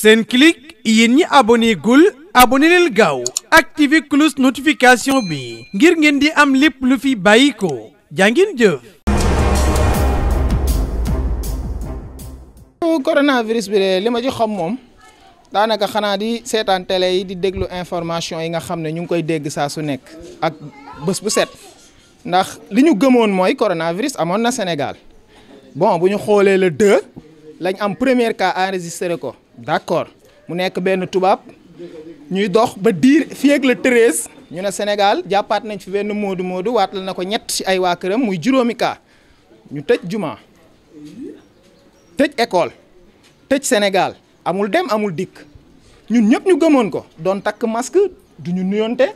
seen Senclic yéen ñi abonné gul abonné leen gaaw activé cloche notification bi ngir ngeen di am lépp lu fi bàyyi ko jàngin jëf. coronavirus bi de li ma ci xam moom daanaka xanaa di seetaan télé yi di déglu information yi nga xam ne ñu ngi koy dégg saa su nekk ak bës bu set ndax li ñu gëmoon mooy coronavirus amoon na Sénégal bon bu ñu xoolee le 2 lañ am première cas enregistré ko. d'accord mu nekk benn tubaab ñuy dox ba diir fii ak le treize ñu ne Sénégal jàppaat nañ fi benn moodu moodu waatal na ko ñett ci ay waa këram muy juróomi kaa ñu tëj jumaa tëj école tëj Sénégal amul dem amul dikk ñun ñëpp ñu gëmoon ko doon takk masque du ñu nuyonte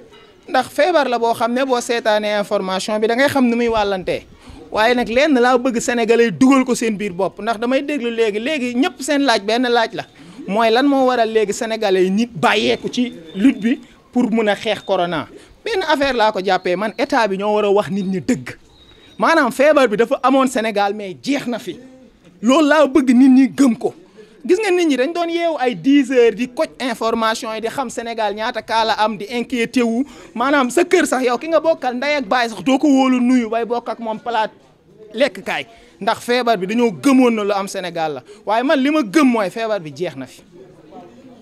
ndax feebar la boo xam ne boo seetaanee information bi dangay xam ni muy wàllantee waaye nag lenn laa bëgg sénégalais dugal ko seen biir bopp ndax damay déglu léegi léegi ñëpp seen laaj benn laaj la. mooy lan moo waral léegi sénégalais yi nit bàyyeeku ci lut bi pour mun a xeex corona benn affaire laa ko jàppee man état bi ñoo war a wax nit ñi dëgg maanaam feebar bi dafa amoon Sénégal mais jeex na fi loolu laa bëgg nit ñi gëm ko gis nga nit ñi dañ doon yeewu ay 10 heures di koj information yi di xam Sénégal ñaata kaala am di inquiété wu maanaam sa kër sax yow ki nga bokkal ndey ak baay sax doo ko wóolu nuyu bay bokk ak moom palaat lekkukaay ndax feebar bi dañoo gëmoon na lu am Sénégal la waaye man li ma gëm mooy feebar bi jeex na fi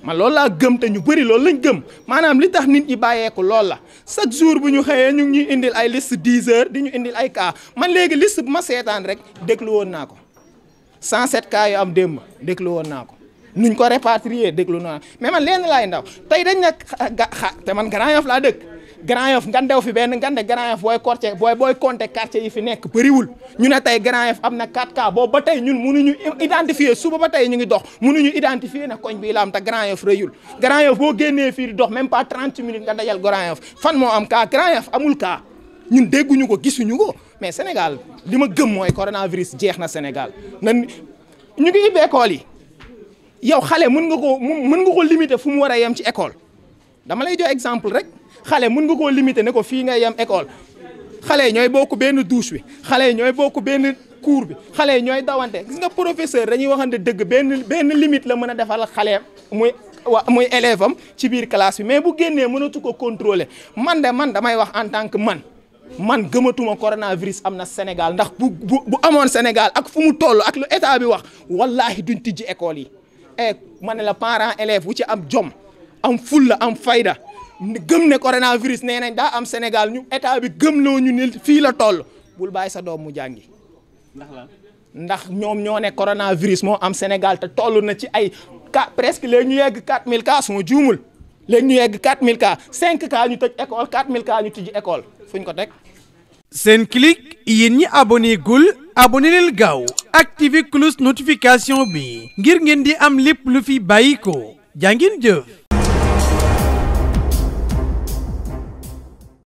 man loolu laa gëm te ñu bëri loolu lañ gëm maanaam li tax nit ñi bàyyeeku lool la chaque jour bu ñu xëyee ñu ngi ñuy indil ay liste dix heures di ñu indil ay cas man léegi liste bu ma seetaan rek déglu woon naa ko 107 cas yu am démb déglu woon naa ko nuñ ko répatrier déglu naa mais man leen laay ndaw tey dañ nag te man Grand Yoff laa dëkk. Grand Yoff ngandew fi benn ngande Grand Yoff booy corté booy booy compté quartier yi fi nekk bëriwul ñu ne tey Grand Yoff am na 4 cas boobu ba tey ñun ñu identifier suba ba tey ñu ngi dox mënuñu identifier ne koñ bii la am te Grand Yoff rëyul Grand Yoff boo génnee fii di dox même pas 30 minutes nga dajal Grand Yoff fan moo am cas Grand Yoff amul cas ñun dégguñu ko gisuñu ko mais Sénégal li ma gëm mooy coronavirus jeex na senegal ñu ngi ubbi école yi yow xale mën nga ko mën nga ko limiter fu mu war a yem ci école dama lay jox exemple rek xale mun nga koo limiter ne ko fii ngay yem école xale yi ñooy bokk benn douche bi xale yi ñooy bokk benn cours bi xale yi ñooy dawante gis nga professeur dañuy waxante dëgg benn benn limite la mën a defal xale muy wa muy élève am ci biir classe bi mais bu génnee mënatu ko contrôler man de man damay wax en tant que man man gëmatuma coronavirus am na Sénégal ndax bu bu bu amoon Sénégal ak fu mu toll ak lu état bi wax wallahi duñ tijji école yi e ma ne la parent élève wu ci am jom am fulla am fayda gëm ne coronavirus nee nañ daa am Sénégal ñu état bi gëmloo ñu ni fii la toll bul bàyyi sa doom mu jàngi. ndax la ndax ñoom ñoo ne coronavirus moo am Sénégal te toll na ci ay cas presque leen ñu yegg 4000 cas su ma juumul léegi ñu yegg 4000 cas 5 cas ñu tëj école 4000 cas ñu tijji école fu ñu ko teg. Senclic yéen ñi abonné gul abonné leen gaaw activé cloche notification bi ngir ngeen di am lépp lu fi bàyyi ko jaa jëf.